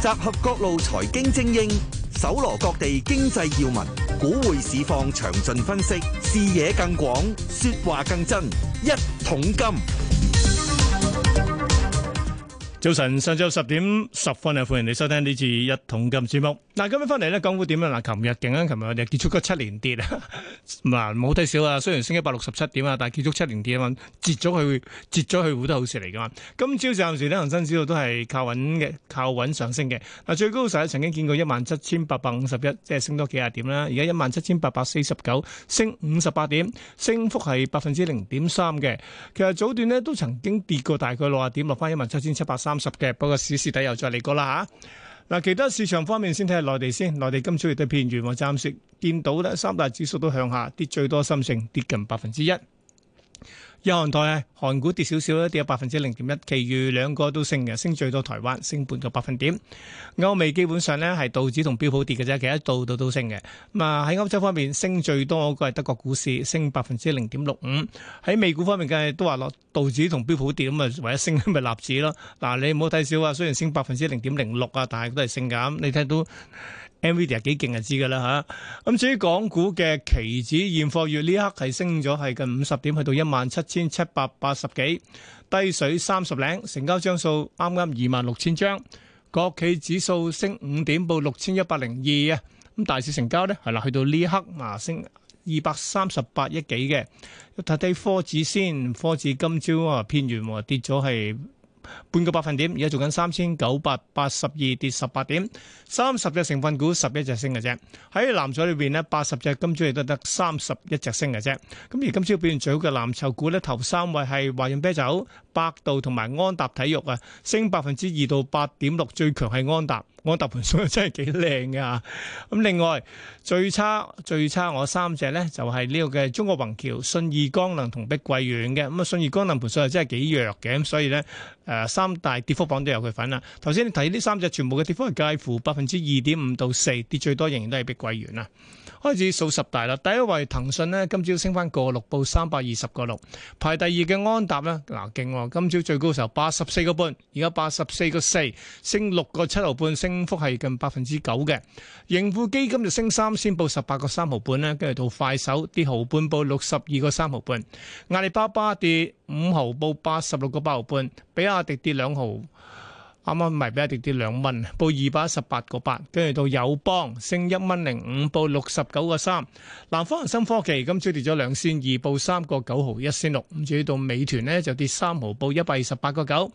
集合各路財經精英，搜羅各地經濟要聞，股匯市況詳盡分析，視野更廣，說話更真。一桶金。早晨，上晝十點十分，有歡迎你收聽呢次一桶金節目。嗱，但今日翻嚟咧，港股點樣？嗱，琴日勁啊，琴日又結束嗰七連跌啊，嗱，唔好睇少啊。雖然升一百六十七點啊，但係結束七連跌啊嘛，跌咗去，跌咗去，都係好事嚟噶嘛。今朝暫時呢，恒生指數都係靠穩嘅，靠穩上升嘅。嗱，最高時曾經見過一萬七千八百五十一，即係升多幾廿點啦。而家一萬七千八百四十九，升五十八點，升幅係百分之零點三嘅。其實早段呢，都曾經跌過大概六啊點，落翻一萬七千七百三十嘅。不過試試底又再嚟過啦嚇。其他市場方面先睇下內地先。內地今朝嘅一片慄，和暫時見到呢三大指數都向下，跌最多深證跌近百分之一。日韓台啊，韓股跌少少跌有百分之零點一，其餘兩個都升嘅，升最多台灣，升半個百分點。歐美基本上呢係道指同標普跌嘅啫，其他度度都升嘅。咁啊喺歐洲方面，升最多嗰個係德國股市，升百分之零點六五。喺美股方面嘅都話落道指同標普跌，咁啊唯一升咪納指咯。嗱，你唔好睇少啊，雖然升百分之零點零六啊，但係都係升㗎。你睇到。NVIDIA 幾勁就知噶啦嚇！咁至於港股嘅期指現貨月呢刻係升咗係近五十點，去到一萬七千七百八十幾，低水三十零，成交張數啱啱二萬六千張，國企指數升五點，報六千一百零二啊！咁大市成交咧係啦，去到呢刻啊升二百三十八億幾嘅。睇睇科指先，科指今朝啊偏軟喎，跌咗係。半個百分點，而家做緊三千九百八十二，跌十八點，三十隻成分股十一隻升嘅啫。喺藍籌裏邊呢，八十隻今朝亦都得三十一隻升嘅啫。咁而今朝表現最好嘅藍籌股呢，頭三位係華潤啤酒。百度同埋安踏體育啊，升百分之二到八點六，最強係安踏。安踏盤數真係幾靚嘅。咁另外最差最差我三隻呢，就係、是、呢個嘅中國宏橋、信義光能同碧桂園嘅。咁啊信義光能盤數又真係幾弱嘅，咁所以呢，誒、呃、三大跌幅榜都有佢份啦。頭先你睇呢三隻全部嘅跌幅係介乎百分之二點五到四，跌最多仍然都係碧桂園啦。開始數十大啦，第一位騰訊呢，今朝升翻個六，報三百二十個六。排第二嘅安踏呢，嗱勁。今朝最高時候八十四個半，而家八十四個四，升六個七毫半，升幅係近百分之九嘅。盈富基金就升三先報十八個三毫半，跟住到快手跌毫半報六十二個三毫半，阿里巴巴跌五毫報八十六個八毫半，比亞迪跌兩毫。啱啱咪俾一跌跌兩蚊，報二百一十八個八，跟住到友邦升一蚊零五，報六十九個三。南方恒生科技今朝跌咗兩仙二，報三個九毫一仙六。咁至於到美團咧就跌三毫，報一百二十八個九。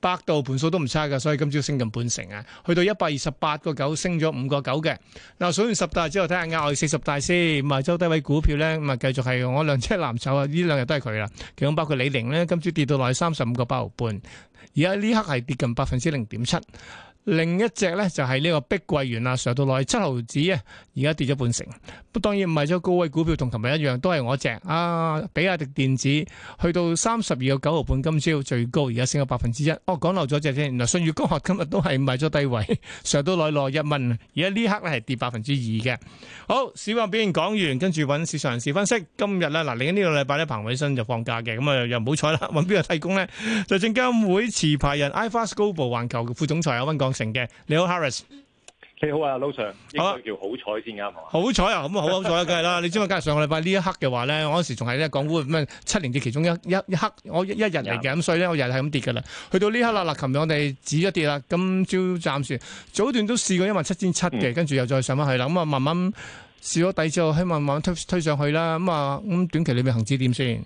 百度盤數都唔差嘅，所以今朝升近半成啊，去到一百二十八個九，升咗五個九嘅。嗱，數完十大之後，睇下額外四十大先。咁啊，周低位股票咧，咁啊繼續係我兩車藍籌啊，呢兩日都係佢啦。其中包括李寧咧，今朝跌到落去三十五個八毫半。而家呢刻係跌近百分之零點七。另一隻呢就係呢個碧桂園啊，上到來七毫子啊，而家跌咗半成。當然賣咗高位股票，同琴日一樣，都係我隻啊，比亞迪電子去到三十二個九毫半，今朝最高，而家升咗百分之一。哦，講漏咗隻先，嗱，信譽光學今日都係賣咗低位，上到來內一蚊，而家呢刻咧係跌百分之二嘅。好，市況表現講完，跟住搵市場人士分析，今日呢，嗱、啊，嚟緊呢個禮拜呢，彭偉新就放假嘅，咁、嗯、啊又唔好彩啦，揾邊個替工咧？證監會持牌人 iFast Global 環球副總裁阿温講。溫嘅你好，Harris，你好啊，老常，應該叫好彩先啱係好彩啊，咁啊好彩啊，梗係啦。你知嘛？今日上個禮拜呢一刻嘅話咧， 我嗰時仲係咧港股七年嘅其中一一一刻，我一日嚟嘅咁，的所以咧我日係咁跌噶啦。去到呢刻啦，嗱，琴日我哋止咗跌啦。今朝暫時早段都試過一萬七千七嘅，跟住、嗯、又再上翻去啦。咁啊，慢慢試咗底之後，希望慢慢推推上去啦。咁啊，咁短期裏面恒指點先？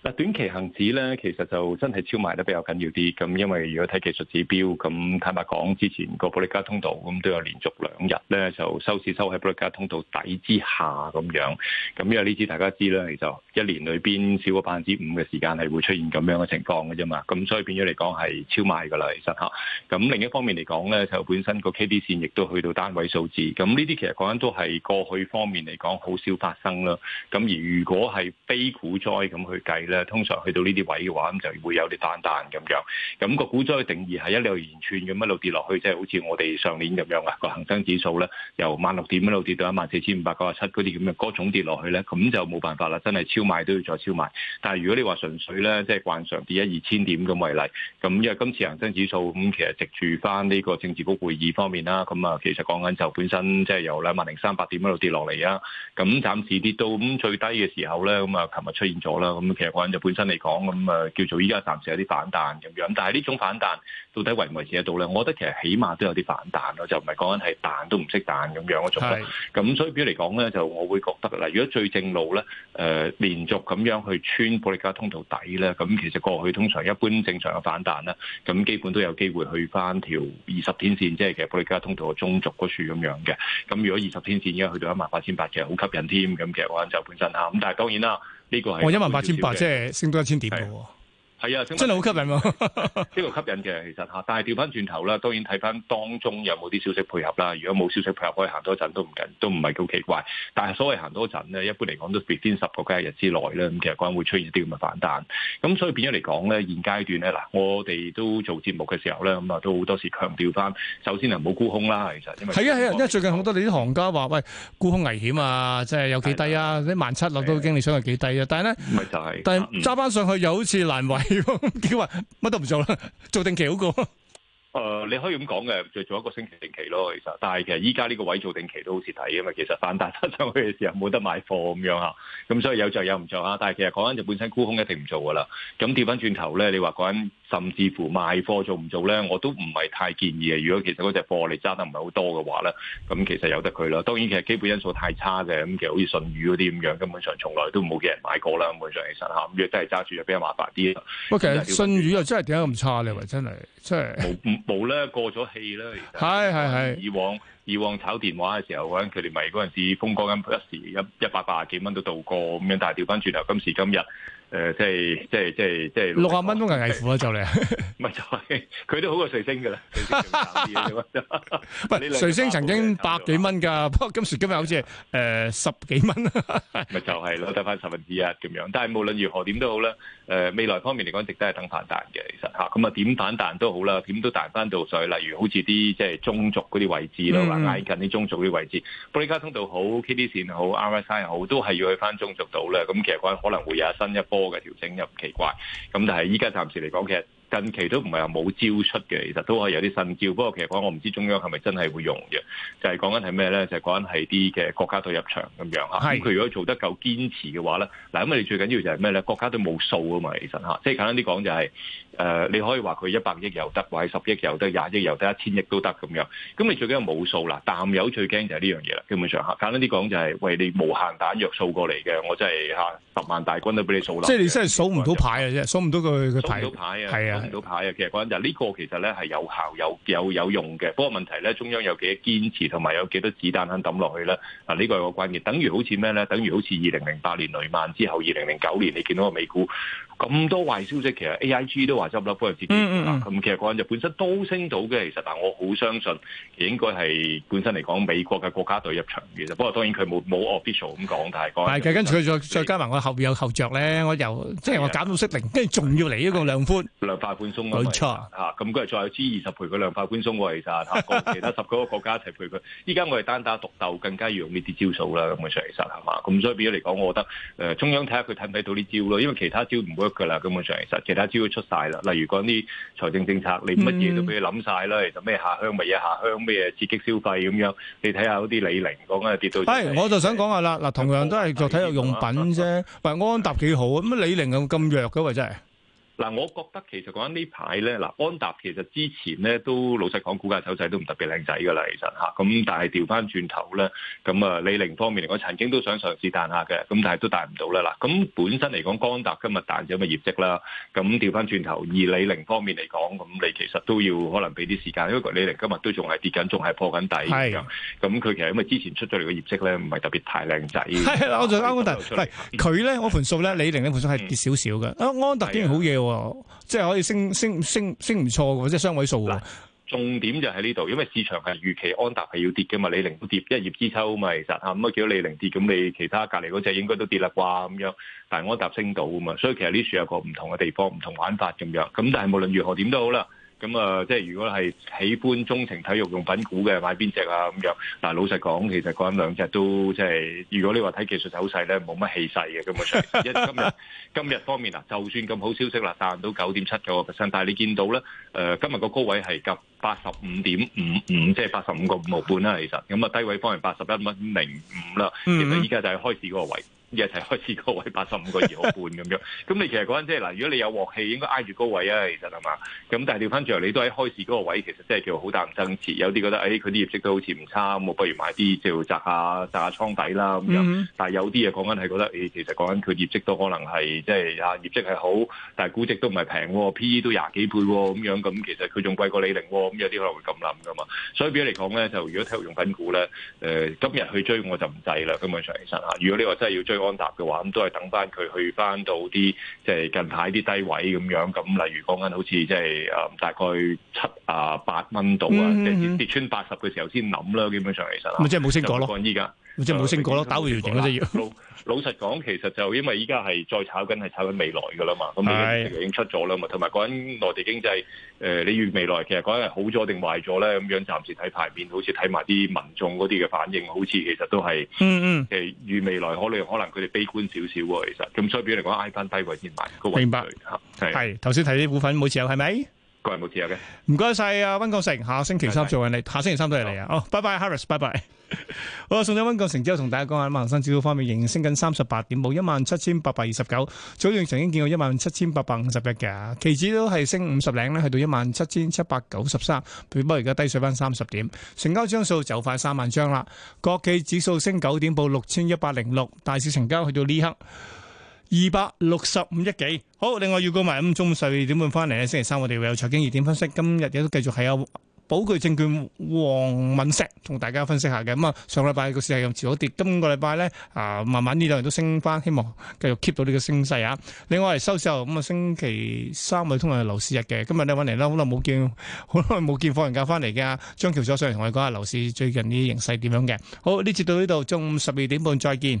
嗱，短期恆指咧，其實就真係超賣得比較緊要啲。咁因為如果睇技術指標，咁坦白講，之前個布力加通道咁都有連續兩日咧，就收市收喺布力加通道底之下咁樣。咁因為呢次大家知啦，就一年裏邊少咗百分之五嘅時間係會出現咁樣嘅情況嘅啫嘛。咁所以變咗嚟講係超賣㗎啦，其實嚇。咁另一方面嚟講咧，就本身個 K D 線亦都去到單位數字。咁呢啲其實講緊都係過去方面嚟講好少發生啦。咁而如果係非股災咁去計。通常去到呢啲位嘅話，咁就會有啲彈彈咁樣。咁、個股災定義係一路連串咁一路跌落去，即係好似我哋上年咁樣啊。個恒生指數咧由萬六點一路跌到一萬四千五百九十七嗰啲咁嘅，個總跌落去咧，咁就冇辦法啦，真係超賣都要再超賣。但係如果你話純粹咧，即係慣常跌一二千點咁為例，咁因為今次恒生指數咁其實藉住返呢個政治局會議方面啦，咁啊其實講緊就本身即係由兩萬零三百點一路跌落嚟啊。咁暫時跌到咁最低嘅時候咧，咁啊琴日出現咗啦。咁其實，就本身嚟講咁啊，叫做依家暫時有啲反彈咁樣，但係呢種反彈到底維唔維持得到咧？我覺得其實起碼都有啲反彈咯，我就唔係講緊係彈都唔識彈咁樣嘅狀態。咁所以，總嚟講咧，就我會覺得嗱，如果最正路咧，誒、呃、連續咁樣去穿保歷加通道底咧，咁其實過去通常一般正常嘅反彈咧，咁基本都有機會去翻條二十天線，即係其實保歷加通道嘅中軸嗰處咁樣嘅。咁如果二十天線已經去到一萬八千八嘅，好吸引添咁其嘅話，就本身嚇咁。但係當然啦。一我一萬八千八，即係升多一千點。係啊，真係好吸引喎！呢個 吸引嘅其實但係調翻轉頭啦，當然睇翻當中有冇啲消息配合啦。如果冇消息配合，可以行多陣都唔緊，都唔係好奇怪。但係所謂行多陣咧，一般嚟講都必先十個交易日之內咧，咁其實可能會出現啲咁嘅反彈。咁所以變咗嚟講咧，現階段咧嗱，我哋都做節目嘅時候咧，咁啊都好多時強調翻，首先係唔好沽空啦，其實。係啊係啊，因為最近好多你啲行家話，喂沽空危險啊，即係有幾低啊？啲萬七落到經理咗係幾低啊。」但係咧，咪就係，但係揸翻上去又好似難為。佢話乜 都唔做啦，做定期好過。呃，你可以咁講嘅，再做一個星期定期咯。其實，但係其實依家呢個位做定期都好蝕底嘅嘛。其實反彈上去嘅時候冇得買貨咁樣。咁所以有就有唔做。但係其實講緊就本身沽空一定唔做噶啦。咁掉翻轉頭咧，你話講緊。甚至乎賣貨做唔做咧，我都唔係太建議嘅。如果其實嗰隻貨你揸得唔係好多嘅話咧，咁其實由得佢啦。當然其實基本因素太差嘅，咁其實好似信譽嗰啲咁樣，根本上從來都冇嘅人買過啦。咁樣上其實吓，咁如果真係揸住就比較麻煩啲。喂，其實信譽又真係點解咁差咧？真係真係冇冇咧過咗氣啦。係係係。以往以往炒電話嘅時候，佢哋咪嗰陣風光講緊一時一百八十幾蚊都到過咁樣，但係調翻轉頭今時今日。誒、呃，即係即係即係即係六十蚊都危危乎啊！就你是，咪就係佢都好過瑞星噶啦。唔係，瑞星曾經百幾蚊噶，不過 今時今日好似誒、呃、十幾蚊啦。咪就係咯，得 翻十分之一咁樣。但係無論如何點都好啦。誒、呃、未來方面嚟講，直都係等反彈嘅，其實咁啊，點反彈都好啦，點都彈翻到水。例如好似啲即係中軸嗰啲位置啦，話挨近啲中軸啲位置。保歷加通道好，K D 線好，R S I 好，都係要去翻中軸度咧。咁其實可能會有新一波嘅調整，又唔奇怪。咁但係依家暫時嚟講嘅。其實近期都唔係話冇招出嘅，其實都係有啲新招。不過其實講我唔知中央係咪真係會用嘅，就係講緊係咩咧？就係講緊係啲嘅國家隊入場咁樣嚇。咁佢是如果做得夠堅持嘅話咧，嗱咁你最緊要就係咩咧？國家隊冇數啊嘛，其實嚇，即係簡單啲講就係、是。誒、呃，你可以話佢一百億又得，或者十億又得，廿億又得，一千億都得咁樣。咁你最緊要冇數啦。但有最驚就係呢樣嘢啦。基本上嚇，簡單啲講就係、係，餵你無限彈藥數過嚟嘅，我真係吓，十萬大軍都俾你數啦。即係你真係數唔到牌嘅啫，數唔到佢牌。數唔到牌啊，係啊，數唔到，啊係啊、到牌啊。其實講就係呢個其實咧係有效、有有有用嘅。不過問題咧，中央有幾堅持同埋有幾多子彈肯抌落去咧？嗱，呢個係個關鍵。等於好似咩咧？等於好似二零零八年雷曼之後，二零零九年你見到個美股咁多壞消息，其實 AIG 都話。執笠，不過自己咁其實嗰陣就本身都升到嘅，其實，但我好相信應該係本身嚟講美國嘅國家隊入場嘅，其實，不過當然佢冇冇 official 咁講，但係嗰係。跟住佢再再加埋我後面有後着咧，我又即係我減到息零，跟住仲要嚟一個量寬量化寬鬆，冇錯嚇。咁佢又再支二十倍嘅量化寬鬆喎，其實嚇，同其他十九個國家一齊配佢。依家 我哋單打獨鬥，更加要用呢啲招數啦。咁嘅上其實嘛？咁所以變咗嚟講，我覺得誒、呃、中央睇下佢睇唔睇到呢招咯，因為其他招唔 work 噶啦，根本上其實其他招都出晒啦。例如講啲財政政策，你乜嘢都俾佢諗晒啦，其實咩下鄉乜嘢下鄉咩刺激消費咁樣，你睇下嗰啲李寧講緊跌到，就是，係我就想講下啦，嗱同樣都係做體育用品啫，喂，安踏幾好麼麼啊，咁李寧又咁弱㗎？喎真係。嗱，我覺得其實講緊呢排咧，嗱安踏其實之前咧都老實講，股價手勢都唔特別靚仔㗎啦，其實吓，咁但係調翻轉頭咧，咁啊李寧方面嚟講，曾經都想嘗試彈下嘅，咁但係都彈唔到啦。嗱，咁本身嚟講，安踏今日彈咗嘅業績啦。咁調翻轉頭，而李寧方面嚟講，咁你其實都要可能俾啲時間，因為李寧今日都仲係跌緊，仲係破緊底咁。佢的其實因為之前出咗嚟嘅業績咧，唔係特別太靚仔。我就啱啱佢咧，我盤數咧，李寧嗰盤數係跌少少嘅。嗯、安踏竟然好嘢喎！即係可以升升升升唔錯嘅，即係雙位數啊！重點就喺呢度，因為市場係預期安踏係要跌嘅嘛，李寧都跌，一葉知秋嘛，其實吓咁啊，見李寧跌，咁你其他隔籬嗰隻應該都跌啦啩咁樣，但係安踏升到啊嘛，所以其實呢處有個唔同嘅地方，唔同玩法咁樣，咁但係無論如何點都好啦。咁啊，即係如果係喜歡中程體育用品股嘅，買邊隻啊？咁樣嗱，但老實講，其實講兩隻都即係，如果你話睇技術手好細咧，冇乜氣勢嘅咁啊，樣、就是。因 今日今日方面啊，就算咁好消息啦，賺到九點七個 percent，但係你見到咧，誒、呃、今日個高位係夾八十五點五五，即係八十五個五毫半啦，其實咁啊低位方面八十一蚊零五啦，其實依家就係開始嗰個位。一嘢一開始高位八十五個二毫半咁樣，咁你其實講緊即係嗱，如果你有鑊氣，應該挨住高位啊，其實係嘛？咁但係調翻轉嚟，你都喺開始嗰個位，其實即係叫好淡爭持。有啲覺得，誒佢啲業績都好似唔差，不如買啲即係擲下擲下倉底啦咁樣。Mm hmm. 但係有啲嘢講緊係覺得，誒、哎、其實講緊佢業績都可能係即係啊業績係好，但係估值都唔係平喎，P E 都廿幾倍喎、哦、咁樣。咁其實佢仲貴過李寧喎。咁有啲可能會咁諗㗎嘛。所以比咗嚟講咧，就如果體育用品股咧，誒、呃、今日去追我就唔滯啦。根本上其實嚇，如果你話真係要追。安踏嘅話，咁都係等翻佢去翻到啲，即、就、係、是、近排啲低位咁樣。咁例如講緊好似即係誒大概七啊八蚊度啊，即係、嗯嗯、跌，跌穿八十嘅時候先諗啦。基本上其實，咪即係冇升過咯。依、嗯、家、嗯，即係冇升過咯，打回原形老老實講，其實就因為依家係再炒緊，係炒緊未來噶啦嘛。咁已經出咗啦嘛。同埋講緊內地經濟，誒、呃、你預未來，其實講緊係好咗定壞咗咧。咁樣暫時睇牌面，好似睇埋啲民眾嗰啲嘅反應，好似其實都係，誒預、嗯嗯、未來可能可能。佢哋悲觀少少喎，其實咁所以，比如嚟講挨翻低位先買，那個位置嚇，明白，係，頭先睇啲股份冇持有，係咪？冇嘅，唔該晒啊溫國成，下星期三再揾你，下星期三都係嚟啊，哦，拜拜，Harris，拜拜。好，送咗溫國成之後，同大家講下恒生指數方面，仍然升緊三十八點，報一萬七千八百二十九。早段曾經見過一萬七千八百五十一嘅，期指都係升五十零咧，去到一萬七千七百九十三，只不過而家低水翻三十點。成交張數就快三萬張啦，國企指數升九點，報六千一百零六，大市成交去到呢刻。二百六十五億幾，好，另外要講埋，咁中午十二點半翻嚟咧。星期三我哋會有財經熱點分析，今日亦都繼續係有寶钜證券黃敏石同大家分析下嘅。咁啊，上個禮拜個市係咁朝早跌，今個禮拜咧啊，慢慢呢兩日都升翻，希望繼續 keep 到呢個升勢啊。另外嚟收市後咁啊，星期三咪通常係樓市日嘅，今日你揾嚟啦，好耐冇見，好耐冇見，貨人家翻嚟嘅張橋所上嚟同我哋講下樓市最近啲形勢點樣嘅。好，呢節到呢度，中午十二點半再見。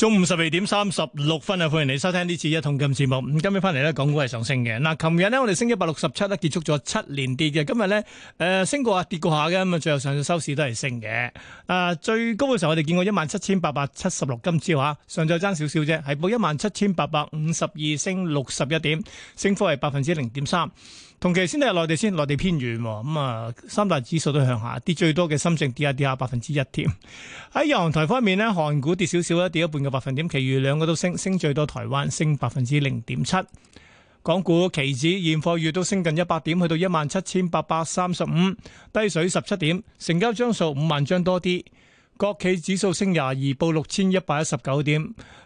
中午十二點三十六分啊，歡迎你收聽呢次一桶金節目。咁今日翻嚟咧，港股係上升嘅。嗱，琴日咧我哋升一百六十七，咧結束咗七連跌嘅。今日咧，誒，升過啊，跌過下嘅，咁啊，最後上晝收市都係升嘅。啊，最高嘅時候我哋見過一萬七千八百七十六今朝吓，上晝爭少少啫，係報一萬七千八百五十二，升六十一點，升幅係百分之零點三。同期先係內地先，內地偏軟喎。咁啊，三大指數都向下，跌最多嘅深證跌下跌下百分之一添。喺日韓台方面呢，韓股跌少少啦，跌一半嘅百分點。其餘兩個都升，升最多台灣升百分之零點七。港股期指現貨月都升近一百點，去到一萬七千八百三十五，低水十七點，成交張數五萬張多啲。國企指數升廿二，報六千一百一十九點。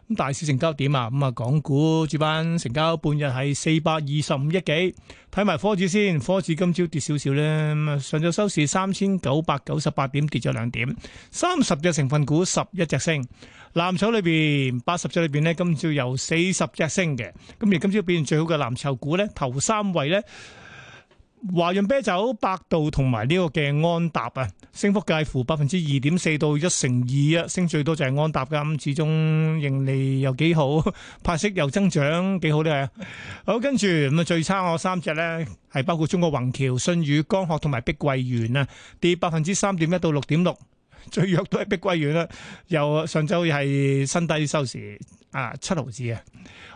咁大市成交點啊？咁啊，港股主板成交半日係四百二十五億幾。睇埋科指先，科指今朝跌少少咧，上晝收市三千九百九十八點，跌咗兩點。三十隻成分股，十一隻升。藍籌裏邊八十隻裏邊咧，今朝有四十隻升嘅，咁而今朝表現最好嘅藍籌股咧，頭三位咧。華潤啤酒、百度同埋呢個嘅安踏啊，升幅介乎百分之二點四到一成二啊，升最多就係安踏噶，咁始終盈利又幾好，派息又增長幾好咧。好，跟住咁啊最差我三隻咧，係包括中國宏橋、信宇、江鶴同埋碧桂園啊，跌百分之三點一到六點六。最弱都係碧桂園啦，又上週係新低收市啊，七毫紙啊，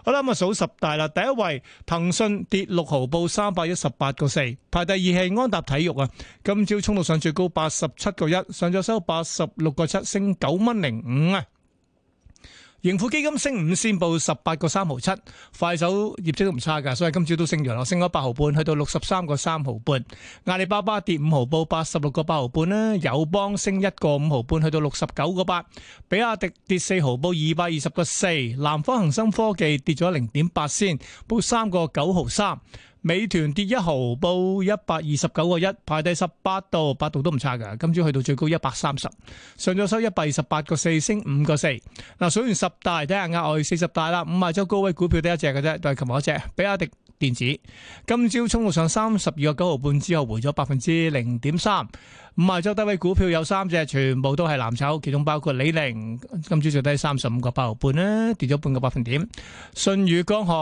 好啦咁啊，數十大啦，第一位騰訊跌六毫，報三百一十八個四，排第二係安踏體育啊，今朝衝到上最高八十七個一，上晝收八十六個七，升九蚊零五啊。盈富基金升五仙，報十八個三毫七。快手業績都唔差㗎，所以今朝都升咗咯，升咗八毫半，去到六十三個三毫半。阿里巴巴跌五毫，報八十六個八毫半啦。友邦升一個五毫半，去到六十九個八。比亞迪跌四毫，報二百二十個四。南方恒生科技跌咗零點八仙，報三個九毫三。美團跌一毫，報一百二十九個一，排低十八度。八度都唔差噶。今朝去到最高一百三十，上咗收一百二十八個四，升五個四。嗱，數完十大，睇下額外四十大啦，五十周高位股票得一隻嘅啫，就係琴日一隻比亞迪電子。今朝衝到上三十二個九毫半之後，回咗百分之零點三。唔係，周低位股票有三隻，全部都係藍籌，其中包括李寧。今朝最低三十五個八毫半咧，跌咗半個百分點。舜宇光學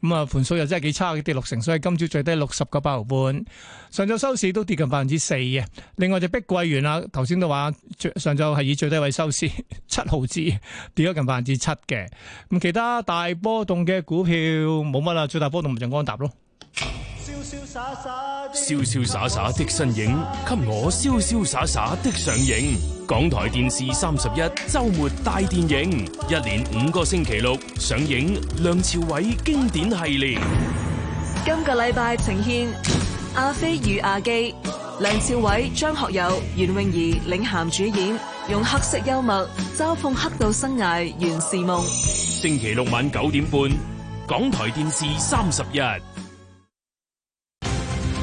咁啊，盤數又真係幾差嘅，跌六成，所以今朝最低六十個八毫半。上晝收市都跌近百分之四嘅。另外就碧桂園啊，頭先都話上晝係以最低位收市，七毫紙，跌咗近百分之七嘅。咁其他大波動嘅股票冇乜啦，最大波動咪就安踏咯。瀟瀟灑灑的身影，給我瀟瀟灑灑的上映。港台電視三十一周末大電影，一連五個星期六上映。梁朝偉經典系列，今個禮拜呈現阿飛與阿基，梁朝偉、張學友、袁詠儀領銜主演，用黑色幽默嘲諷黑道生涯，原是夢。星期六晚九點半，港台電視三十日。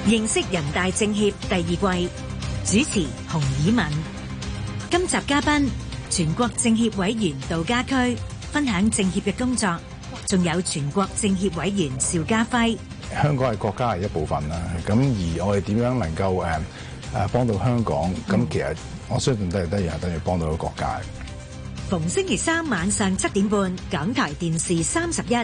認識人大政協第二季，主持洪以敏，今集嘉賓全國政協委員杜家駒分享政協嘅工作，仲有全國政協委員邵家輝。香港係國家嘅一部分啦，咁而我哋點樣能夠誒誒幫到香港？咁其實我相信得嚟、得嚟係，等於幫到個國家。逢星期三晚上七點半，港台電視三十一。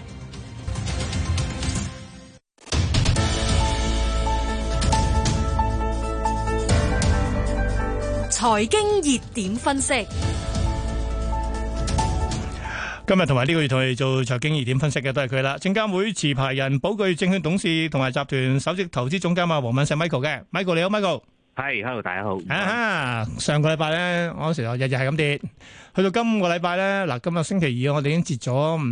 財經熱點分析，今日同埋呢個月同你做財經熱點分析嘅都係佢啦。證監會持牌人、寶钜證券董事同埋集團首席投資總監啊，黃敏石 Michael 嘅，Michael 你好，Michael，係，hello，大家好。啊，上個禮拜咧，嗰時啊，日日係咁跌。去到今個禮拜咧，嗱今日星期二，我哋已經跌咗唔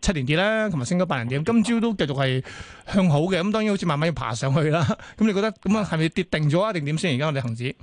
七年跌啦。同埋升咗八年點，今朝都繼續係向好嘅。咁當然好似慢慢要爬上去啦。咁你覺得咁啊，係咪跌定咗啊？定點先？而家我哋恆指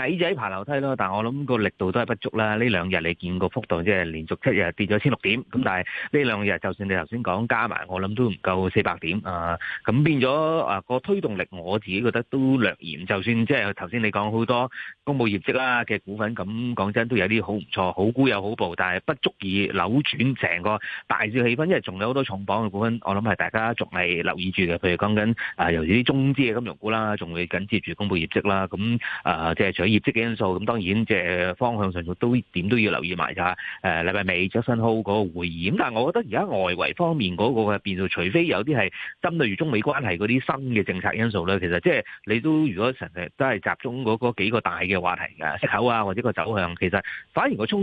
矮仔爬樓梯囉。但我諗個力度都係不足啦。呢兩日你見個幅度即係連續七日跌咗千六點。咁但係呢兩日就算你頭先講加埋，我諗都唔夠四百點啊。咁變咗啊個推動力，我自己覺得都略嫌。就算即係頭先你講好多公佈業績啦嘅股份，咁講真都有啲好唔錯。好估有好報，但係不足以扭轉成個大市氣氛，因為仲有好多重磅嘅股份，我諗係大家仲係留意住嘅。譬如講緊啊，尤其啲中資嘅金融股啦，仲會緊接住公布業績啦。咁啊、呃，即係除咗業績嘅因素，咁當然即係方向上都點都要留意埋㗎。誒、呃，禮拜尾出新 hall 嗰個會議，咁但係我覺得而家外圍方面嗰個嘅變數，除非有啲係針對住中美關係嗰啲新嘅政策因素咧，其實即係你都如果成日都係集中嗰嗰幾個大嘅話題嘅息口啊，或者個走向，其實反而個衝。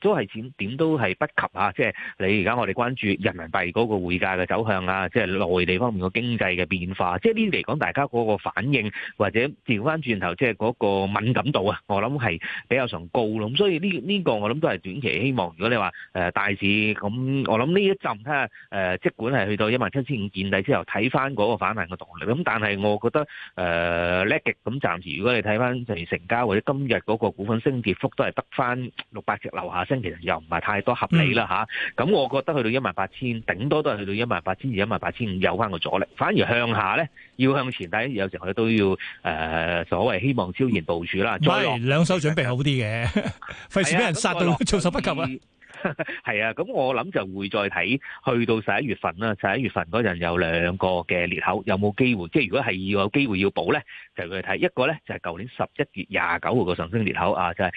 都係點點都係不及啊！即係你而家我哋關注人民幣嗰個匯價嘅走向啊，即係內地方面個經濟嘅變化，即係呢啲嚟講，大家嗰個反應或者調翻轉頭，即係嗰個敏感度啊，我諗係比較上高咯。咁所以呢呢個我諗都係短期希望。如果你話誒大市咁，我諗呢一陣睇下即管係去到一萬七千五見底之後，睇翻嗰個反彈嘅動力。咁但係我覺得誒叻極咁，暫時如果你睇翻成成交或者今日嗰個股份升跌幅都係得翻六百隻樓下。真其實又唔係太多合理啦嚇，咁我覺得去到一萬八千，頂多都係去到一萬八千二、一萬八千五有返個阻力，反而向下咧，要向前，但係有時候都要誒所謂希望超前部署啦，再兩手準備好啲嘅，費事俾人殺到措手不及啊！係啊，咁我諗就會再睇去到十一月份啦。十一月份嗰陣有兩個嘅裂口，有冇機會？即係如果係要有機會要補咧，就要去睇一個咧，就係舊年十一月廿九號個上升裂口啊，就係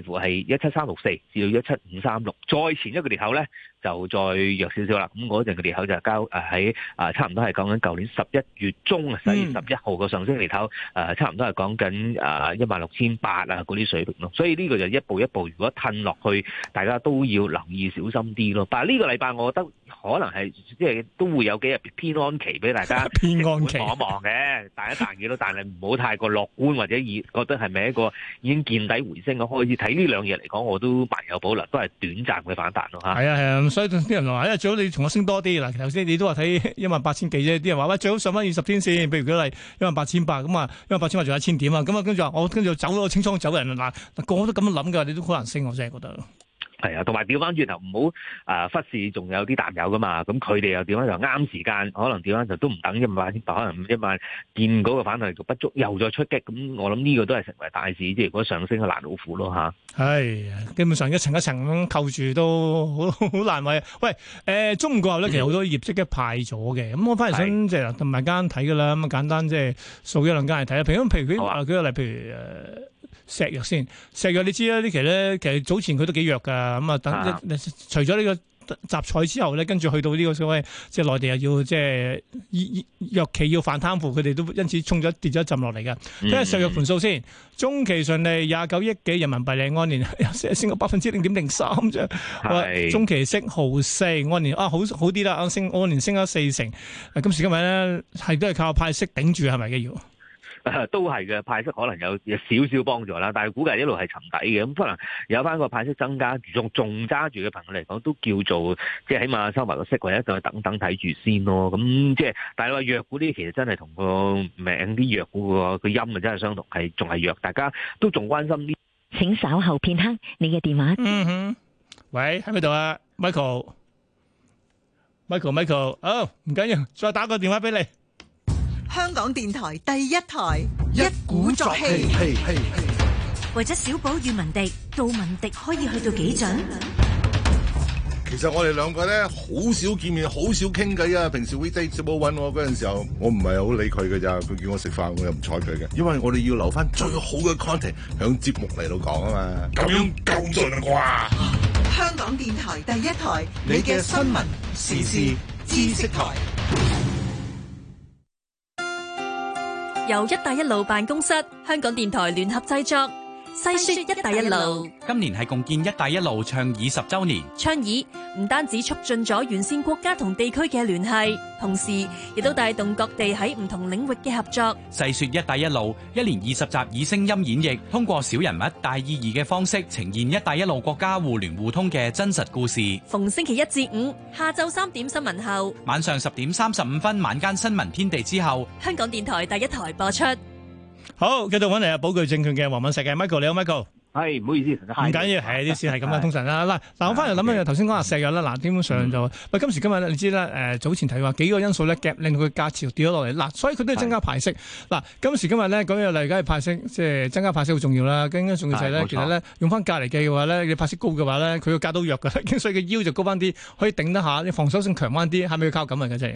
介乎係一七三六四至到一七五三六，再前一個裂口咧。就再弱少少啦，咁嗰陣嘅裂口就交喺啊，差唔多係講緊舊年十一月中十一號嘅上升嚟頭誒、啊、差唔多係講緊啊一萬六千八啊嗰啲水平咯，所以呢個就一步一步，如果褪落去，大家都要留意小心啲咯。但係呢個禮拜，我覺得可能係即係都會有幾日偏安期俾大家偏安期望嘅，大一啖嘢咯，但係唔好太過樂觀或者以覺得係咪一個已經見底回升？我開始睇呢兩日嚟講，我都還有保留，都係短暫嘅反彈咯嚇。係啊係啊。所以啲人話，因為最好你同我升多啲嗱，頭先你都話睇一萬八千幾啫，啲人話喂，最好上翻二十天線，譬如舉例一萬八千八咁啊，一萬八千八仲有一千點啊，咁啊跟住話我跟住走咗清倉走人啦嗱，個個都咁樣諗㗎，你都好難升，我真係覺得。係啊，同埋掉翻轉頭，唔好啊忽視仲有啲盟友噶嘛，咁佢哋又點樣就啱時間，可能點樣就都唔等咋嘛。可能因為見嗰個反彈力不足，又再出擊，咁我諗呢個都係成為大市，即係如果上升嘅攔路虎咯嚇。係、啊，基本上一層一層咁扣住都好好難為。喂，誒、呃、中午過後咧，其實好多業績咧派咗嘅，咁、嗯、我翻嚟想即係同埋間睇噶啦，咁啊簡單即係數一兩間嚟睇啦。譬如譬如佢話佢例如誒。呃石藥先，石藥你知啦，呢期咧，其實早前佢都幾弱噶，咁啊，等除咗呢個集採之後咧，跟住去到呢個所謂即係內地又要即係藥企要反貪腐，佢哋都因此衝咗跌咗一陣落嚟㗎。睇下石藥盤數先，中期順利廿九億幾人民幣嚟，按年升個百分之零點零三啫。話中期升毫四，按年啊好好啲啦，升按年升咗四成。今時今日咧，係都係靠派息頂住係咪嘅要？ 都係嘅，派息可能有有少少幫助啦，但係估計一路係沉底嘅，咁可能有翻個派息增加，如果仲仲揸住嘅朋友嚟講，都叫做即係起碼收埋個息位，一個等等睇住先咯。咁即係，但係話弱股啲，其實真係同個名啲弱股個個音啊，真係相同，係仲係弱，大家都仲關心啲。請稍後片刻，你嘅電話。嗯哼，喂，喺咪度啊？Michael，Michael，Michael，好，唔緊要，再打個電話俾你。香港電台第一台，一鼓作氣。為咗、hey, hey, hey, hey. 小寶與文迪，杜文迪可以去到幾準？其實我哋兩個咧，好少見面，好少傾偈啊。平時會低小寶揾我嗰陣時候，我唔係好理佢㗎咋。佢叫我食飯，我又唔睬佢嘅，因為我哋要留返最好嘅 content 響節目嚟到講啊嘛。咁樣夠盡啦啩！香港電台第一台，你嘅新聞時事知識台。由“一帶一路”辦公室、香港電台聯合製作。細說一帶一路，今年係共建一帶一路倡議十周年。倡議唔單止促進咗沿線國家同地區嘅聯繫，同時亦都帶動各地喺唔同領域嘅合作。細說一帶一路，一連二十集以聲音演繹，通過小人物大意義嘅方式呈現一帶一路國家互聯互通嘅真實故事。逢星期一至五下晝三點新聞後，晚上十點三十五分晚間新聞天地之後，香港電台第一台播出。好，繼續揾嚟啊！寶钜證券嘅黃敏石嘅，Michael，你好，Michael。係，唔好意思，唔緊要，係啲事係咁嘅通常的啦。嗱，嗱，我翻嚟諗一諗頭先講下石又啦。嗱，基本上就，喂，今時今日你知啦。誒，早前提話幾個因素咧夾令到佢價潮跌咗落嚟。嗱，所以佢都要增加派息。嗱，今時今日咧，咁又嚟緊係派息。即係增加派息好重要啦。更住重要就係咧，其實咧，用翻隔籬嘅話咧，你派息高嘅話咧，佢個價都弱噶，所以佢 yield 就高翻啲，可以頂得下，你防守性強翻啲，係咪要靠咁啊？真係。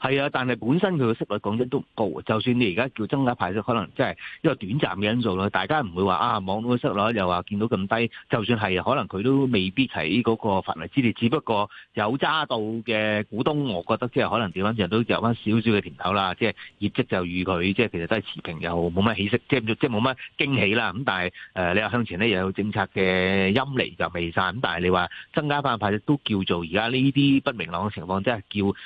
係啊，但係本身佢個息率講真都唔高，就算你而家叫增加派息，可能即係一個短暫嘅因素啦。大家唔會話啊，望到息率又話見到咁低，就算係，可能佢都未必喺嗰個範圍之列。只不過有揸到嘅股東，我覺得即係可能點樣，上都有翻少少嘅甜頭啦。即係業績就預佢，即係其實都係持平，又冇乜起色，即係即係冇乜驚喜啦。咁但係誒、呃，你話向前呢，又有政策嘅陰嚟就未散，咁但係你話增加翻派息都叫做而家呢啲不明朗嘅情況，即係叫。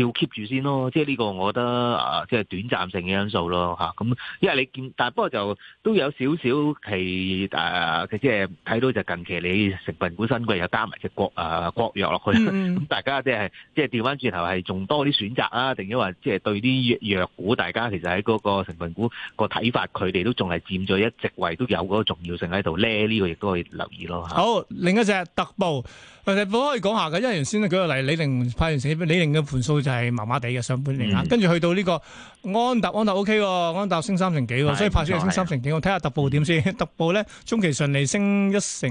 要 keep 住先咯，即係呢個我覺得啊，即、呃、係短暫性嘅因素咯嚇。咁、嗯、因為你見，但係不過就都有少少係誒即係睇到就近期你成分股新貴又加埋隻國啊、呃、國藥落去，咁、嗯嗯嗯、大家即係即係調翻轉頭係仲多啲選擇啊，定抑或即係對啲藥股，大家其實喺嗰個成分股個睇法，佢哋都仲係佔咗一席位，都有嗰個重要性喺度咧。呢、這個亦都可以留意咯。嗯、好，另一隻特步，特步可以講下嘅，一言先啦，舉個例，李寧派完成，李寧嘅盤數。就係麻麻地嘅上半年啦，跟住去到呢個安踏，安踏 OK 喎，安踏升三成幾喎，所以派息又升三成幾喎，我睇下特步點先。特步咧，中期順利升一成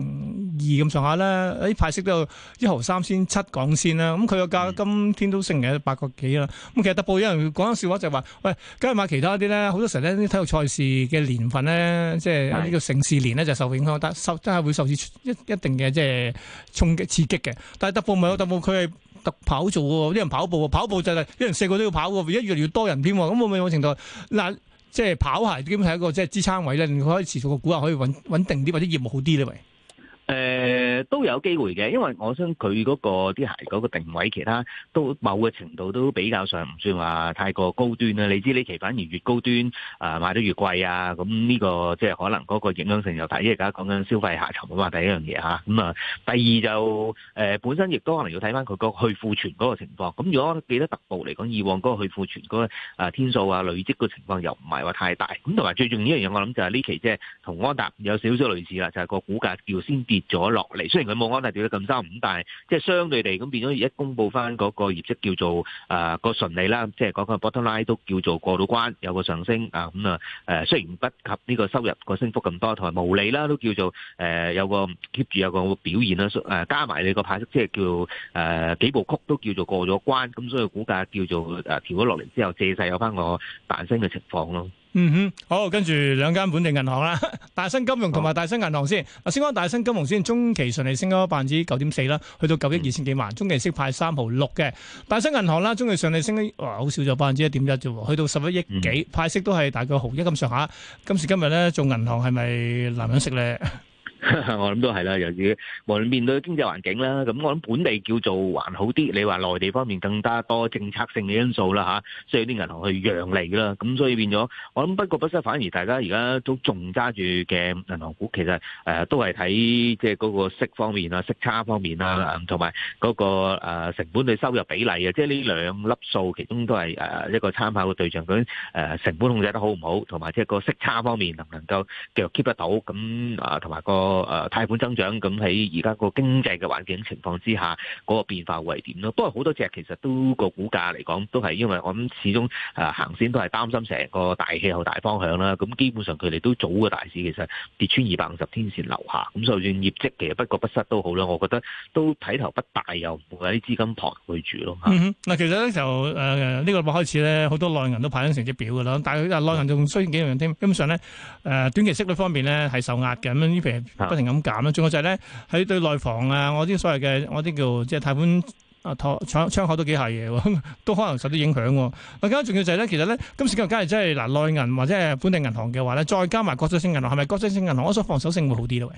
二咁上下咧，誒派息都一毫三先七港仙啦。咁佢個價今天都升緊八個幾啦。咁其實特步有人講緊笑話就係話，喂，梗係買其他啲咧，好多時咧啲體育賽事嘅年份咧，即係呢個盛事年咧就受影響，但受真係會受住一一定嘅即係衝擊刺激嘅。但係特步唔係，特步佢係。特跑做喎，啲人跑步喎，跑步就係、是、啲人四個都要跑喎，而家越嚟越多人添，咁會唔會有程度嗱？即係、就是、跑鞋基本係一個即係、就是、支撐位咧，佢可以持續個股價可以穩定啲或者業務好啲咧咪。誒、呃，都有機會嘅，因為我相信佢嗰個啲鞋嗰個定位，其他都某嘅程度都比較上唔算話太過高端啦，啊。你知呢期反而越高端，啊、呃、買得越貴啊。咁、嗯、呢、這個即係可能嗰個影響性又大，因為而家講緊消費下沉啊嘛，第一樣嘢吓。咁啊、嗯，第二就誒、呃，本身亦都可能要睇翻佢個去庫存嗰個情況。咁、嗯、如果我記得特步嚟講，以往嗰個去庫存個啊天數啊累積個情況又唔係話太大。咁同埋最重要一樣嘢，我諗就係呢期即係同安踏有少少類似啦，就係、是、個股價要先跌。跌咗落嚟，雖然佢冇安泰跌得咁三五，但係即係相對地咁變咗。而家公布翻嗰個業績叫做誒個純利啦，即係嗰個 bottom line 都叫做過到關，有個上升啊，咁啊誒，雖然不及呢個收入個升幅咁多，同埋無利啦，都叫做誒有個 keep 住有個表現啦，誒加埋你個派息，即係叫誒幾部曲都叫做過咗關，咁所以股價叫做誒調咗落嚟之後，借勢有翻個彈升嘅情況咯。嗯哼，好，跟住兩間本地銀行啦，大新金融同埋大新銀行先。啊，先講大新金融先，中期純利升咗百分之九點四啦，去到九億二千幾萬，中期息派三毫六嘅。大新銀行啦，中期純利升得好少，就百分之一點一啫喎，去到十一億幾，派息都係大概毫一咁上下。今時今日咧，做銀行係咪難搵食咧？我諗都係啦，由於無論面對經濟環境啦，咁我諗本地叫做還好啲。你話內地方面更加多政策性嘅因素啦嚇，即係啲銀行去讓利啦，咁所以變咗我諗，不過不失反而大家而家都仲揸住嘅銀行股，其實誒都係睇即係嗰個息方面啊、息差方面啊，同埋嗰個誒成本對收入比例啊，即係呢兩粒數，其中都係誒一個參考嘅對象。究竟誒成本控制得好唔好，同埋即係個息差方面能唔能夠繼續 keep 得到咁啊，同埋個。個誒，貸款增長，咁喺而家個經濟嘅環境情況之下，嗰、那個變化會係點咯？不過好多隻其實都個股價嚟講，都係因為我諗始終誒、呃、行先都係擔心成個大氣候大方向啦。咁基本上佢哋都早嘅大市，其實跌穿二百五十天線樓下，咁就算業績其實不過不失都好啦。我覺得都睇頭不大，又唔會啲資金撲去住咯。嗱、嗯，其實咧就誒呢個開始咧，好多內銀都排緊成績表噶啦。但係佢話內銀仲衰幾樣添，基本上咧誒、呃、短期息率方面咧係受壓嘅。不停咁減啦，仲有就係咧喺對內房啊，我啲所謂嘅我啲叫即係貸款啊窗窗口都幾係嘢， 都可能受啲影響喎。更加重要就係咧，其實咧今時今日梗係真係嗱內銀或者係本地銀行嘅話咧，再加埋國際性銀行，係咪國際性銀行我想防守性會好啲喂。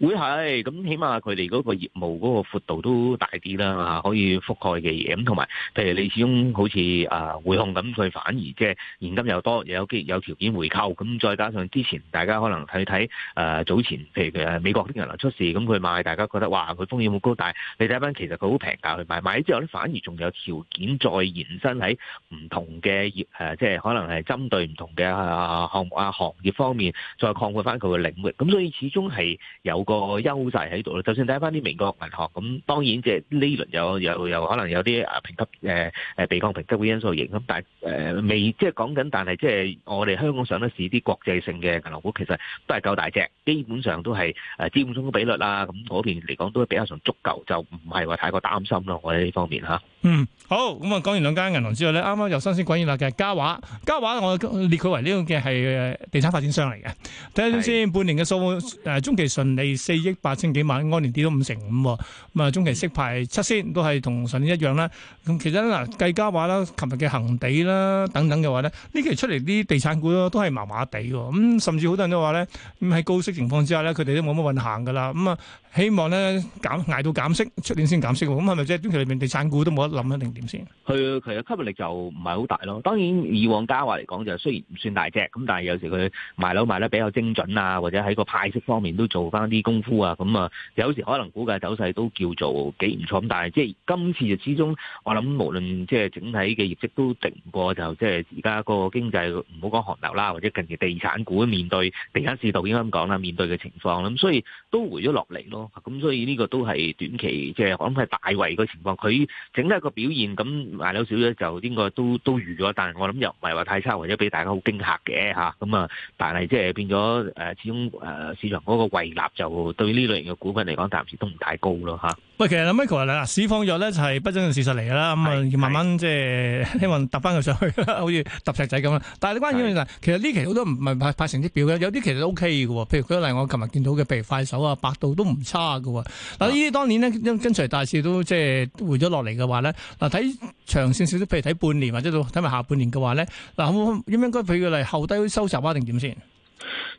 會係咁，哎、起碼佢哋嗰個業務嗰個闊度都大啲啦，嚇可以覆蓋嘅嘢咁，同埋譬如你始終好似啊匯控咁，佢反而即係現金又多，又有機有條件回購，咁再加上之前大家可能睇睇誒早前譬如美國啲人流出事，咁佢買，大家覺得哇佢風險好高，但係你睇翻其實佢好平價去買買咗之後咧反而仲有條件再延伸喺唔同嘅業誒，即、啊、係、就是、可能係針對唔同嘅項目啊，行，啊行業方面再擴闊翻佢嘅領域，咁所以始終係有。個優勢喺度，就算睇翻啲美國銀行咁，當然即係呢輪有有有可能有啲啊評級誒誒評級嘅因素型。咁，但係誒、呃、未即係講緊，但係即係我哋香港上得市啲國際性嘅銀行股，其實都係夠大隻，基本上都係誒資本充足比率啦，咁邊嚟講都係比較上足夠，就唔係話太過擔心咯。我哋呢方面吓。嗯，好，咁啊，講完兩間銀行之後咧，啱啱又新鮮滾熱嘅嘉華，嘉華我列佢為呢個嘅係地產發展商嚟嘅，睇下先，是半年嘅數誒，中期純利四億八千幾萬，按年跌到五成五，咁啊，中期息派七先，都係同上年一樣啦。咁其實嗱，計嘉華啦，琴日嘅恒地啦，等等嘅話咧，呢期出嚟啲地產股都係麻麻地，咁甚至好多人都話咧，唔係高息情況之下咧，佢哋都冇乜運行噶啦，咁啊，希望咧減挨到減息，出年先減息，咁係咪即係短期裏邊地產股都冇得？諗一定點先？佢其實吸引力就唔係好大咯。當然以往嘉華嚟講，就雖然唔算大隻，咁但係有時佢賣樓賣得比較精準啊，或者喺個派息方面都做翻啲功夫啊。咁啊，有時可能估計走勢都叫做幾唔錯。咁但係即係今次就始終我諗，無論即係整體嘅業績都敵唔過就即係而家個經濟唔好講寒流啦，或者近期地產股面對地產市道應該咁講啦，面對嘅情況，咁所以都回咗落嚟咯。咁所以呢個都係短期即係、就是、我諗係大圍嘅情況，佢整得。個表現，咁賣樓少咗就應該都都預咗，但係我諗又唔係話太差，或者俾大家好驚吓嘅吓，咁啊，但係即係變咗誒、啊，始終誒市場嗰個維納就對呢類型嘅股份嚟講，暫時都唔太高咯吓。啊喂，其實 Michael 啊，嗱市況弱咧就係不爭嘅事實嚟啦，咁啊是要慢慢是即係希望揼翻佢上去好似揼石仔咁啦。但係你關於呢其實呢期我都唔係拍成績表嘅，有啲其實 O K 嘅喎。譬如舉例，我琴日見到嘅，譬如快手啊、百度都唔差嘅喎。嗱、啊，呢啲當年呢，跟隨大市都即係回咗落嚟嘅話咧，嗱睇長線少少，譬如睇半年或者到睇埋下半年嘅話咧，嗱應唔應該畀佢嚟後低收窄啊定點先？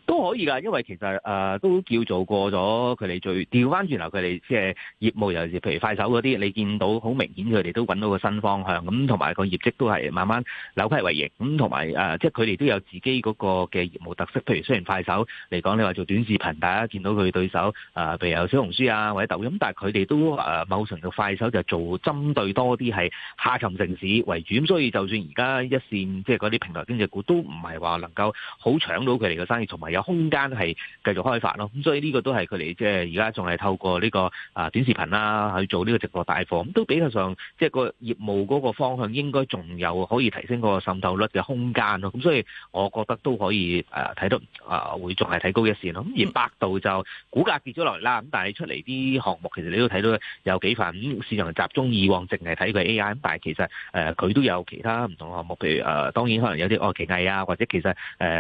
都可以㗎，因為其實誒、呃、都叫做過咗佢哋最調翻轉頭，佢哋即係業務尤其是譬如快手嗰啲，你見到好明顯佢哋都揾到個新方向，咁同埋個業績都係慢慢扭虧為盈，咁同埋即係佢哋都有自己嗰個嘅業務特色。譬如雖然快手嚟講，你話做短視頻，大家見到佢對手誒，譬、呃、如有小紅書啊或者抖音，但係佢哋都誒、呃、某程度快手就做針對多啲係下沉城市為主，咁所以就算而家一線即係嗰啲平台經濟股都唔係話能夠好搶到佢哋嘅生意，有空間係繼續開發咯，咁所以呢個都係佢哋即係而家仲係透過呢個啊短視頻啦去做呢個直播帶貨，咁都比較上即係個業務嗰個方向應該仲有可以提升個滲透率嘅空間咯，咁所以我覺得都可以誒睇到啊會仲係睇高一線咯。咁而百度就股價跌咗落嚟啦，咁但係出嚟啲項目其實你都睇到有幾份市場集中以往淨係睇佢 AI，但係其實誒佢都有其他唔同項目，譬如誒當然可能有啲愛奇藝啊，或者其實誒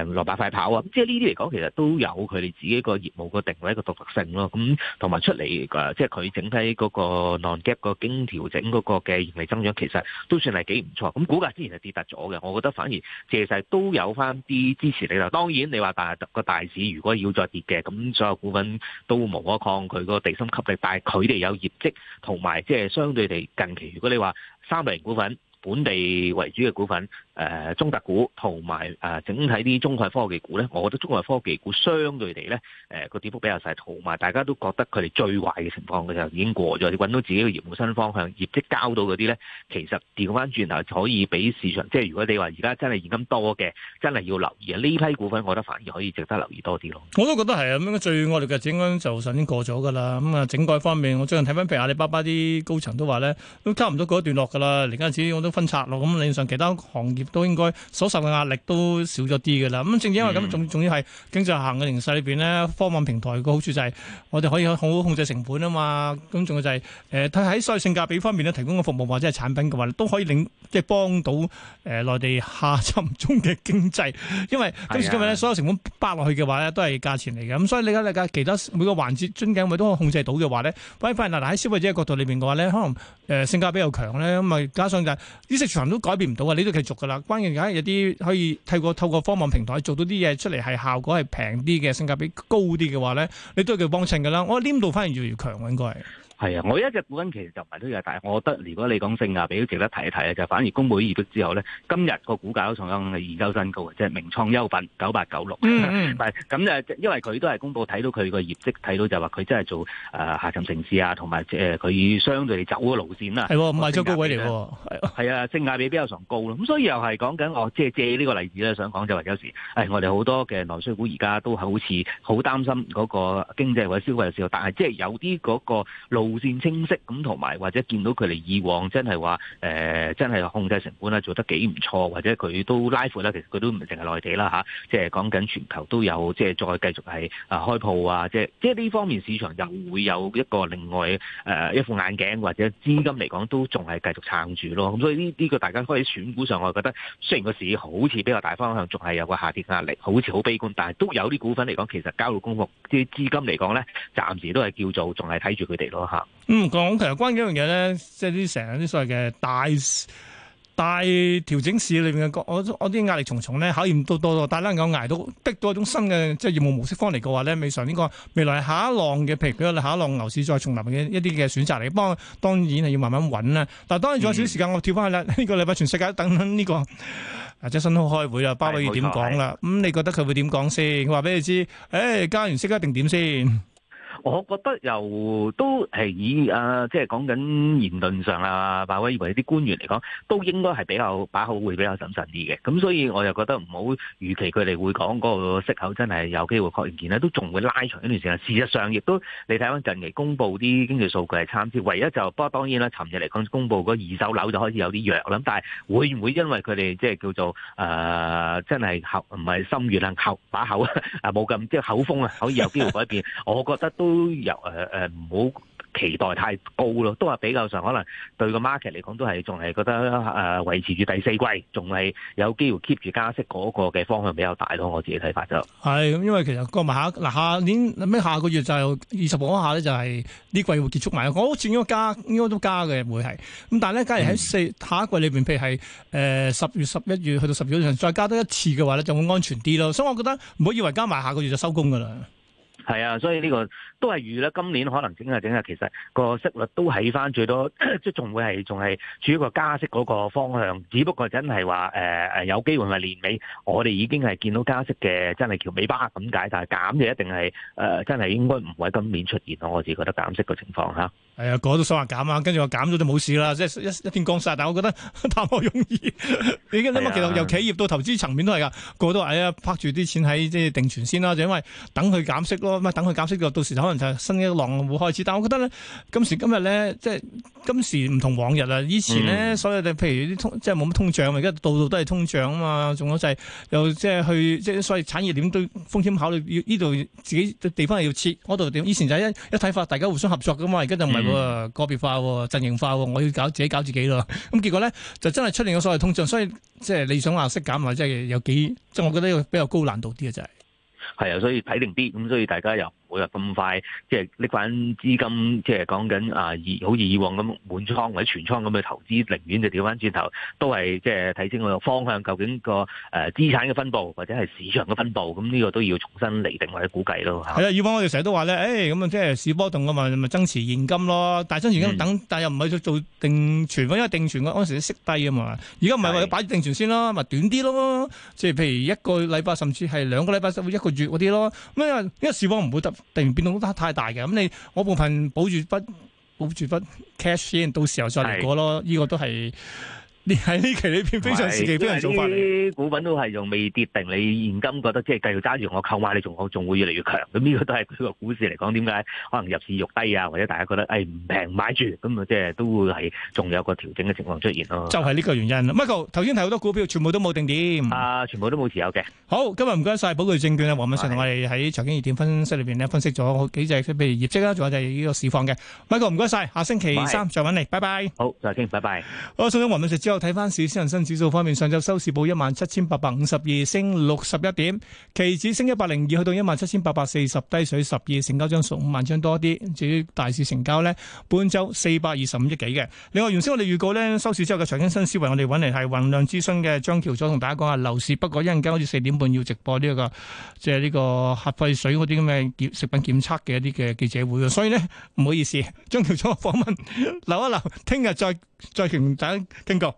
蘿蔔快跑啊，即係呢啲嚟。其實都有佢哋自己個業務個定位一個獨特性咯，咁同埋出嚟即係佢整體嗰個 non-GAAP 嘅個經調整嗰個嘅盈利增長，其實都算係幾唔錯。咁股價之前係跌突咗嘅，我覺得反而借勢都有翻啲支持力量。當然你話大個大市如果要再跌嘅，咁所有股份都無可抗拒嗰個地心吸力。但係佢哋有業績同埋即係相對地近期，如果你話三類型股份本地為主嘅股份。誒、呃、中特股同埋誒整體啲中概科技股咧，我覺得中概科技股相對地咧，誒個跌幅比較細，同埋大家都覺得佢哋最壞嘅情況嘅時候已經過咗，揾到自己嘅業務新方向、業績交到嗰啲咧，其實調翻轉頭可以俾市場，即係如果你話而家真係現金多嘅，真係要留意啊！呢批股份，我覺得反而可以值得留意多啲咯。我都覺得係啊，咁、嗯、最惡劣嘅日子應該就已經過咗㗎啦。咁、嗯、啊，整改方面，我最近睇翻譬如阿里巴巴啲高層都話咧，都差唔多過一段落㗎啦。嚟緊始我都分拆咯，咁你上其他行業。亦都應該所受嘅壓力都少咗啲嘅啦。咁正因為咁，仲仲要係經濟下行嘅形勢裏邊咧，科網平台個好處就係我哋可以好好控制成本啊嘛。咁仲有就係、是、誒，佢、呃、喺所有性價比方面咧，提供嘅服務或者係產品嘅話，都可以令即係幫到誒內地下沉中嘅經濟。因為今時今日咧，哎、呀所有成本包落去嘅話咧，都係價錢嚟嘅。咁所以你而家你而家其他每個環節樽頸位都可以控制到嘅話咧，反反嗱嗱喺消費者嘅角度裏邊嘅話咧，可能誒性價比又強咧，咁咪加上就係呢啲全都改變唔到嘅，你都繼續㗎啦。嗱，關鍵梗係有啲可以透過透過科網平台做到啲嘢出嚟，係效果係平啲嘅，性價比高啲嘅話咧，你都係叫幫襯噶啦。我、哦、黏度反而越嚟越強，應該係。係啊，我一隻股跟其實就唔係都但大，但我覺得如果你講性價比值得提一提咧，就反而公布業績之後咧，今日個股價都樣咗研究新高嘅，即、就、係、是、名創優品九八九六。98，嗯咁、嗯、就 因為佢都係公佈睇到佢個業績，睇到就話佢真係做誒、呃、下沉城市啊，同埋誒佢相對走嘅路線啦。係喎、啊，賣咗高位嚟喎。係 啊，性價比比較上高咯。咁所以又係講緊我即係借呢個例子咧，想講就係有時誒，我哋好多嘅內需股而家都係好似好擔心嗰個經濟或者消費嘅事，但係即係有啲嗰個路。路線清晰咁，同埋或者見到佢哋以往真係話誒，真係控制成本啊，做得幾唔錯，或者佢都拉闊啦，其實佢都唔淨係內地啦、吓、即係講緊全球都有，即係再繼續係啊開鋪啊，即係即係呢方面市場又會有一個另外誒、呃、一副眼鏡，或者資金嚟講都仲係繼續撐住咯。咁所以呢呢個大家開始選股上，我覺得雖然個市好似比較大方向仲係有個下跌壓力，好似好悲觀，但係都有啲股份嚟講，其實交到公佈啲資金嚟講咧，暫時都係叫做仲係睇住佢哋咯、吓。嗯，講其實關於呢樣嘢咧，即係啲成日啲所謂嘅大大調整市裏面嘅我我啲壓力重重咧，考驗都多多，但係能我挨到逼到一種新嘅即係業務模式方嚟嘅話咧，未嘗點個未來是下一浪嘅，譬如下一浪牛市再重臨嘅一啲嘅選擇嚟，幫當然係要慢慢揾啦。但係當然仲有少少時間，嗯、我跳翻去啦。呢、這個禮拜全世界都等緊呢、這個或者新通開會啊，鮑威爾點講啦？咁對、嗯、你覺得佢會點講先？佢話俾你知，誒、哎，加完息一定點先？我覺得又都係以啊，即係講緊言論上啊發威，以為啲官員嚟講，都應該係比較把口會比較審慎啲嘅。咁所以我又覺得唔好預期佢哋會講嗰個息口真係有機會確認見咧，都仲會拉長一段時間。事實上亦都你睇翻近期公布啲經濟數據係參差，唯一就不過當然啦，尋日嚟講公布嗰二手樓就開始有啲弱啦。但係會唔會因為佢哋即係叫做啊，真係口唔係心願啊，口把口啊，冇咁即係口風啊，可以有機會改變？ 我覺得都。都由誒誒唔好期待太高咯，都係比較上可能對個 market 嚟講都係仲係覺得誒維、呃、持住第四季，仲係有機會 keep 住加息嗰個嘅方向比較大咯。我自己睇法就係，因為其實過埋下嗱下年咩下個月就二十號下咧，就係呢季會結束埋。我好似應該加應該都加嘅，會係咁，但係咧假如喺四、嗯、下一季裏邊，譬如係誒十月十一月去到十二月上再加多一次嘅話咧，就會安全啲咯。所以我覺得唔好以為加埋下個月就收工噶啦。係啊，所以呢個都係預啦。今年可能整下整下，其實個息率都起翻最多，即仲會係仲係處於個加息嗰個方向。只不過真係話、呃、有機會咪年尾，我哋已經係見到加息嘅，真係條尾巴咁解。但係減就一定係、呃、真係應該唔會今年出現咯。我自己覺得減息嘅情況嚇。係啊，哎、呀個個都想話減啊，跟住我減咗就冇事啦，即係一一天光晒，但我覺得談何容易？你經諗其實由企業到投資層面都係噶，個個都話哎呀，拍住啲錢喺即係定存先啦，就因為等佢減息咯。咁啊，等佢減息咗，到時可能就係新一浪會開始。但係我覺得咧，今時今日咧，即係今時唔同往日啊！以前咧，所有嘅譬如啲通，即係冇乜通脹，而家度度都係通脹啊嘛，仲有就係又即係去即係所以產業點對風險考慮要，要呢度自己地方係要設嗰度點。以前就一一體化，大家互相合作嘅嘛，而家就唔係喎，個別化、啊、陣型化、啊，我要搞自己搞自己咯。咁結果咧就真係出現咗所謂通脹，所以即係你想話息減話，即係有幾即係我覺得比較高難度啲嘅就係。係啊，所以睇定啲，咁所以大家又。我又咁快即係搦翻資金，即係講緊啊，以好似以往咁滿倉或者全倉咁嘅投資，寧願就調翻轉頭，都係即係睇清楚個方向，究竟、個誒、呃、資產嘅分布或者係市場嘅分布，咁呢個都要重新釐定或者估計咯。係啊，以往我哋成日都話咧，誒咁啊，即係市波動啊嘛，咪增持現金咯，但係增持現金等，嗯、但又唔係做定存，因為定存嗰陣時都息低啊嘛。而家唔係話要擺定存先咯，咪短啲咯，即係譬如一個禮拜，甚至係兩個禮拜甚至一個月嗰啲咯。咁因為因為市況唔會突。突然變動得太大嘅，咁你我部分保住筆保住筆 cash 先，到時候再嚟過咯。呢是的 個都係。喺呢期裏邊非常時期，非常早啲股份都係仲未跌定。你現今覺得即係繼續揸住我購買，你仲好，仲會越嚟越強。咁呢個都係佢個股市嚟講，點解可能入市慾低啊？或者大家覺得誒唔平買住，咁啊即係都會係仲有一個調整嘅情況出現咯。就係呢個原因。Michael 頭先係好多股票，全部都冇定點。啊，全部都冇持有嘅。好，今日唔該晒，寶貴證券啊，黃敏順，我哋喺財經熱點分析裏邊咧分析咗幾隻譬如業績啦，仲有就係呢個市況嘅。Michael 唔該晒，下星期三再揾你，拜拜。好，再見，拜拜。我送咗黃敏順又睇翻市，市，先恒生指數方面，上晝收市報一萬七千八百五十二，升六十一點，期指升一百零二，去到一萬七千八百四十，低水十二，成交張數五萬張多啲。至於大市成交咧，本周四百二十五億幾嘅。另外原先我哋預告咧，收市之後嘅財經新思維，我哋揾嚟係雲量諮詢嘅張橋楚同大家講下樓市。不過一陣間好似四點半要直播呢個即係呢個核廢水嗰啲咁嘅檢食品檢測嘅一啲嘅記者會嘅，所以呢，唔好意思，張橋楚訪問留一留，聽日再再同大家傾過。